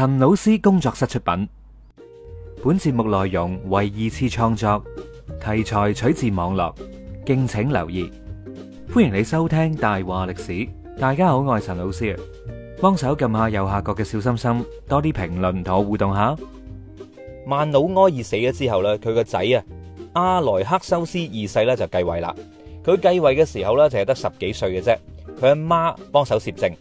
陳老師工作室出品。本節目內容為二次創作，題材取自網絡，敬請留意。歡迎你收聽《大話歷史》。大家好，我係陳老師啊。幫手撳下右下角嘅小心心，多啲評論同我互動下。曼努埃爾死咗之後咧，佢個仔啊，阿萊克修斯二世咧就繼位啦。佢繼位嘅時候咧，就係得十幾歲嘅啫。佢阿媽幫手攝政，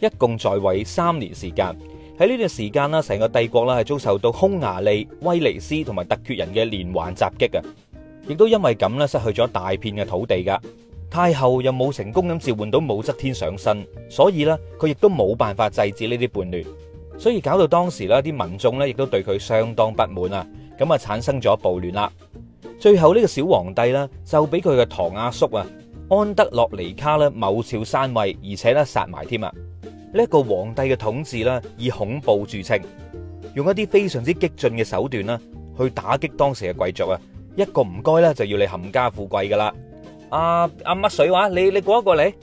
一共在位三年時間。喺呢段時間啦，成個帝國啦係遭受到匈牙利、威尼斯同埋突厥人嘅連環襲擊嘅，亦都因為咁咧失去咗大片嘅土地噶。太后又冇成功咁召喚到武則天上身，所以呢，佢亦都冇辦法制止呢啲叛亂，所以搞到當時呢啲民眾呢，亦都對佢相當不滿啊，咁啊產生咗暴亂啦。最後呢個小皇帝呢，就俾佢嘅堂阿叔啊安德洛尼卡咧謀朝篡位，而且呢殺埋添啊！呢一個皇帝嘅統治啦，以恐怖著稱，用一啲非常之激進嘅手段啦，去打擊當時嘅貴族啊！一個唔該啦，就要你冚家富貴噶啦！阿阿乜水話，你你過一過嚟，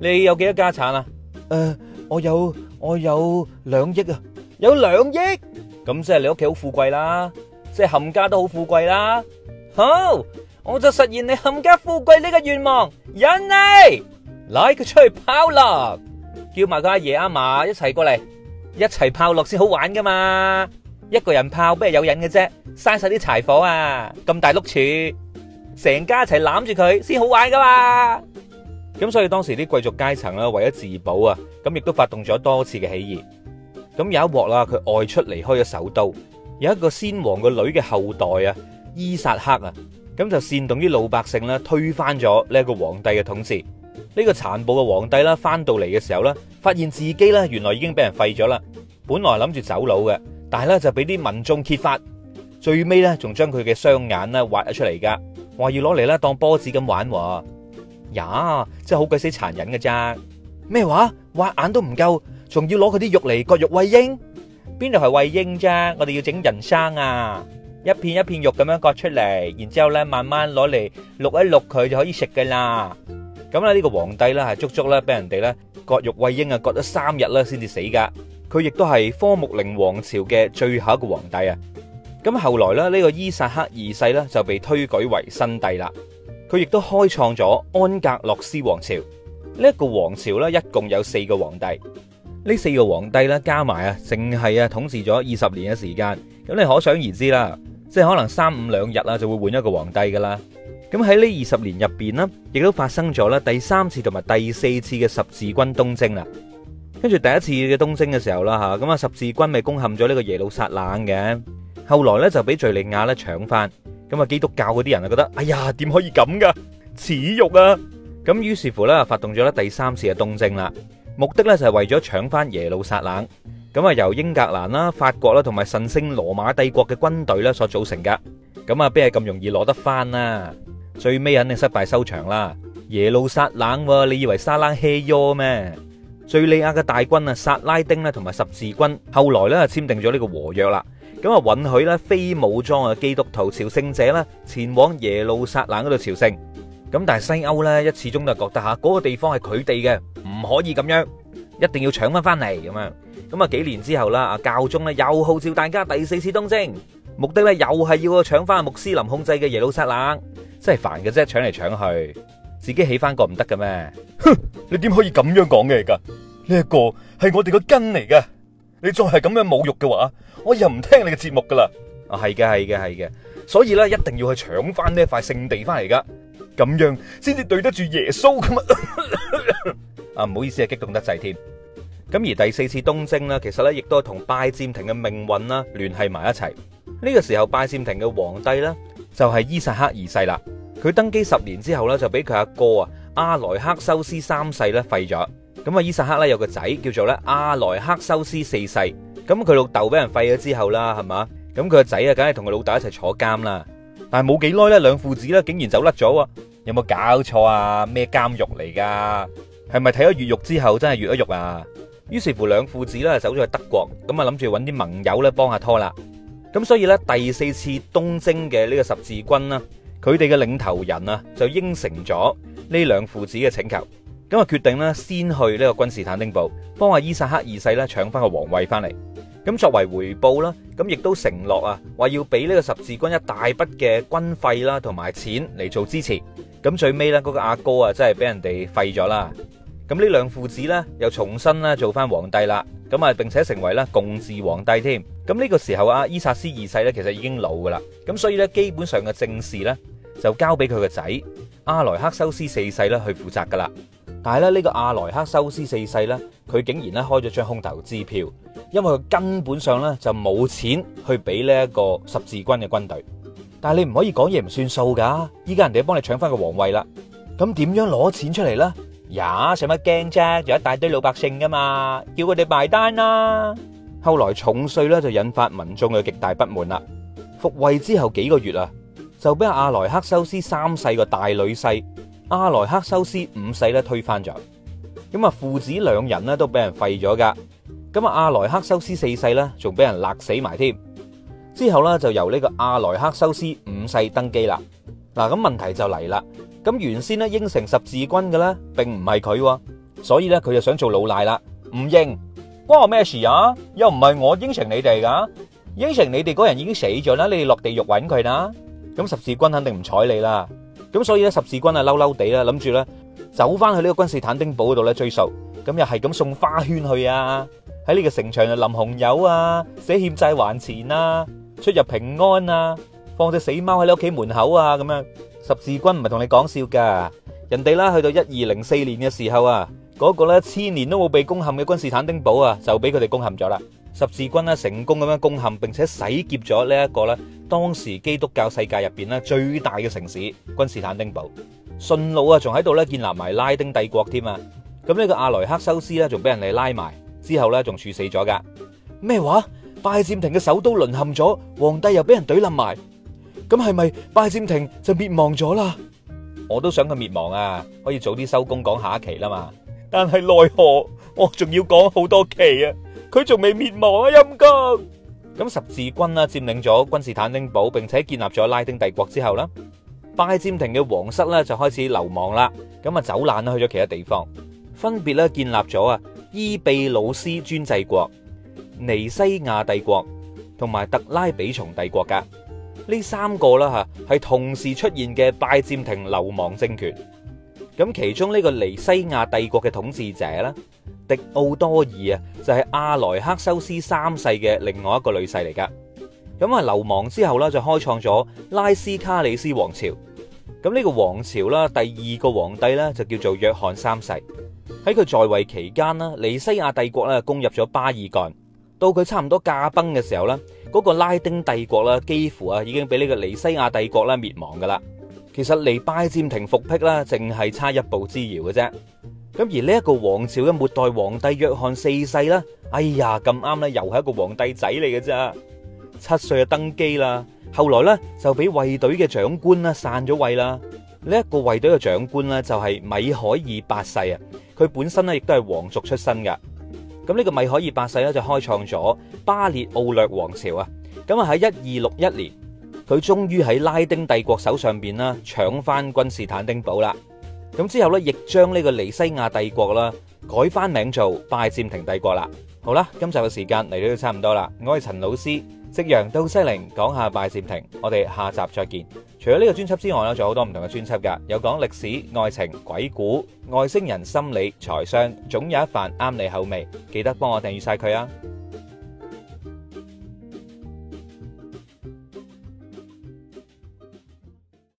你有幾多家產啊？誒，我有我有兩億啊，有兩億，咁即係你屋企好富貴啦，即係冚家都好富貴啦。好，我就實現你冚家富貴呢個願望，引你拉佢出去跑啦。要埋佢阿爺阿嫲一齊過嚟，一齊炮落先好玩噶嘛！一個人炮，咩有癮嘅啫。嘥晒啲柴火啊，咁大碌柱，成家一齊攬住佢先好玩噶嘛！咁所以當時啲貴族階層啦，為咗自保啊，咁亦都發動咗多次嘅起義。咁有一鑊啦，佢外出離開咗首都，有一個先王個女嘅後代啊，伊薩克啊，咁就煽動啲老百姓啦，推翻咗呢一個皇帝嘅統治。呢個殘暴嘅皇帝啦，翻到嚟嘅時候啦。發現自己咧，原來已經俾人廢咗啦。本來諗住走佬嘅，但係咧就俾啲民眾揭發，最尾咧仲將佢嘅雙眼咧挖咗出嚟，噶話要攞嚟啦當波子咁玩。呀，真係好鬼死殘忍嘅咋，咩話挖眼都唔夠，仲要攞佢啲肉嚟割肉餵鷹？邊度係餵鷹啫？我哋要整人生啊，一片一片肉咁樣割出嚟，然之後咧慢慢攞嚟碌一碌佢就可以食噶啦。咁啊呢個皇帝咧，係足足咧俾人哋咧。割肉餵鷹啊，割咗三日啦，先至死噶佢亦都係科穆寧王朝嘅最後一個皇帝啊。咁後來咧，呢個伊薩克二世呢，就被推舉為新帝啦。佢亦都開創咗安格洛斯王朝。呢、這、一個王朝咧一共有四個皇帝。呢四個皇帝咧加埋啊，淨係啊統治咗二十年嘅時間。咁你可想而知啦，即係可能三五兩日啊就會換一個皇帝噶啦。咁喺呢二十年入邊啦，亦都發生咗啦第三次同埋第四次嘅十字軍東征啦。跟住第一次嘅東征嘅時候啦，吓，咁啊，十字軍咪攻陷咗呢個耶路撒冷嘅。後來咧就俾敘利亞咧搶翻，咁啊，基督教嗰啲人啊覺得哎呀，點可以咁噶，恥辱啊！咁於是乎咧，發動咗咧第三次嘅東征啦，目的咧就係為咗搶翻耶路撒冷。咁啊，由英格蘭啦、法國啦同埋神聖羅馬帝國嘅軍隊咧所組成噶。咁啊，邊係咁容易攞得翻啊？最尾肯定失敗收場啦。耶路撒冷，你以為沙拉希喐咩？敘利亞嘅大軍啊，薩拉丁咧同埋十字軍後來咧簽訂咗呢個和約啦，咁啊，允許咧非武裝嘅基督徒朝聖者咧前往耶路撒冷嗰度朝聖。咁但係西歐咧一始終就覺得嚇嗰個地方係佢哋嘅，唔可以咁樣，一定要搶翻翻嚟咁樣。咁啊，幾年之後啦，啊，教宗咧又號召大家第四次東征，目的咧又係要搶翻穆斯林控制嘅耶路撒冷。真係煩嘅啫，搶嚟搶去，自己起翻個唔得嘅咩？哼！你點可以咁樣講嘢噶呢一個係我哋個根嚟噶，你再係咁樣侮辱嘅話，我又唔聽你嘅節目噶啦。啊，係嘅，係嘅，係嘅。所以咧，一定要去搶翻呢一塊聖地翻嚟噶，咁樣先至對得住耶穌噶嘛。啊，唔好意思啊，激動得滯添。咁而第四次東征啦，其實咧亦都係同拜占庭嘅命運啦聯繫埋一齊。呢個時候拜占庭嘅皇帝咧。就係伊薩克二世啦，佢登基十年之後咧就俾佢阿哥啊阿萊克修斯三世咧廢咗，咁啊伊薩克咧有個仔叫做咧阿萊克修斯四世，咁佢老豆俾人廢咗之後啦，係嘛，咁佢個仔啊梗係同佢老豆一齊坐監啦，但係冇幾耐咧兩父子咧竟然走甩咗啊，有冇搞錯啊咩監獄嚟噶？係咪睇咗越獄之後真係越咗獄啊？於是乎兩父子咧走咗去德國，咁啊諗住揾啲盟友咧幫下拖啦。咁所以咧，第四次東征嘅呢個十字軍啦，佢哋嘅領頭人啊，就應承咗呢兩父子嘅請求，咁啊決定呢，先去呢個君士坦丁堡，幫阿伊薩克二世咧搶翻個皇位翻嚟。咁作為回報啦，咁亦都承諾啊，話要俾呢個十字軍一大筆嘅軍費啦，同埋錢嚟做支持。咁最尾咧，嗰個阿哥啊，真係俾人哋廢咗啦。咁呢兩父子呢，又重新咧做翻皇帝啦，咁啊，並且成為啦共治皇帝添。咁呢個時候啊，伊薩斯二世呢，其實已經老噶啦，咁所以呢，基本上嘅政事呢，就交俾佢個仔阿萊克修斯四世呢去負責噶啦。但係咧呢個阿萊克修斯四世呢，佢竟然呢開咗張空頭支票，因為佢根本上呢就冇錢去俾呢一個十字軍嘅軍隊。但係你唔可以講嘢唔算數噶，依家人哋都幫你搶翻個皇位啦。咁點樣攞錢出嚟呢？呀，使乜驚啫？有一大堆老百姓噶嘛，叫佢哋埋單啦，啊。後來重稅咧就引發民眾嘅極大不滿啦。復位之後幾個月啊，就俾阿萊克修斯三世個大女婿阿萊克修斯五世咧推翻咗。咁啊父子兩人呢，都俾人廢咗噶。咁啊阿萊克修斯四世呢，仲俾人勒死埋添。之後呢，就由呢個阿萊克修斯五世登基啦。嗱，咁問題就嚟啦。咁原先咧應承十字軍嘅咧，並唔係佢，所以咧佢就想做老賴啦，唔認，關我咩事啊？又唔係我應承你哋噶，啊，應承你哋嗰人已經死咗啦，你哋落地獄揾佢啦。咁十字軍肯定唔睬你啦。咁所以咧十字軍啊嬲嬲地，啦，諗住咧走翻去呢個君士坦丁堡嗰度咧追數。咁又係咁送花圈去啊，喺呢個城牆啊淋紅油啊，寫欠債還錢啊，出入平安啊。放隻死貓喺你屋企門口啊！咁樣十字軍唔係同你講笑噶，人哋啦，去到一二零四年嘅時候啊，嗰個咧千年都冇被攻陷嘅君士坦丁堡啊，就俾佢哋攻陷咗啦。十字軍咧成功咁樣攻陷，並且洗劫咗呢一個咧當時基督教世界入邊咧最大嘅城市君士坦丁堡。順路啊，仲喺度咧建立埋拉丁帝國添啊。咁呢個阿萊克修斯咧，仲俾人哋拉埋之後咧，仲處死咗噶。咩話？拜占庭嘅首都淪陷咗，皇帝又俾人懟冧埋。咁係咪拜占庭就滅亡咗啦？我都想佢滅亡啊，可以早啲收工講下一期啦嘛。但係奈何我仲要講好多期啊，佢仲未滅亡啊陰公。咁十字軍啊佔領咗君士坦丁堡，並且建立咗拉丁帝國之後啦，拜占庭嘅皇室咧就開始流亡啦，咁啊走難啦去咗其他地方，分別咧建立咗啊伊庇魯斯專制國、尼西亞帝國同埋特拉比松帝國噶。呢三個啦嚇，係同時出現嘅拜占庭流亡政權。咁其中呢個尼西亞帝國嘅統治者咧，迪奧多爾啊，就係、是、阿萊克修斯三世嘅另外一個女婿嚟噶。咁啊，流亡之後咧，就開創咗拉斯卡里斯王朝。咁、這、呢個王朝啦，第二個皇帝咧就叫做約翰三世。喺佢在位期間呢，尼西亞帝國咧，攻入咗巴爾幹。到佢差唔多駕崩嘅時候咧，嗰個拉丁帝國啦，幾乎啊已經俾呢個尼西亞帝國啦滅亡噶啦。其實離拜占庭復辟啦，淨係差一步之遙嘅啫。咁而呢一個王朝嘅末代皇帝約翰四世啦，哎呀咁啱咧，又係一個皇帝仔嚟嘅啫。七歲就登基啦，後來咧就俾衛隊嘅長官啦散咗位啦。呢一個衛隊嘅長官咧就係米海爾八世啊，佢本身咧亦都係皇族出身噶。咁呢個米海爾八世咧就開創咗巴列奧略王朝啊！咁啊喺一二六一年，佢終於喺拉丁帝國手上邊啦，搶翻君士坦丁堡啦。咁之後呢，亦將呢個尼西亞帝國啦改翻名做拜占庭帝國啦。好啦，今集嘅時間嚟到都差唔多啦，我係陳老師。夕陽到西陵，講下拜占庭，我哋下集再見。除咗呢個專輯之外咧，仲有好多唔同嘅專輯噶，有講歷史、愛情、鬼故、外星人、心理、財商，總有一份啱你口味。記得幫我訂閱晒佢啊！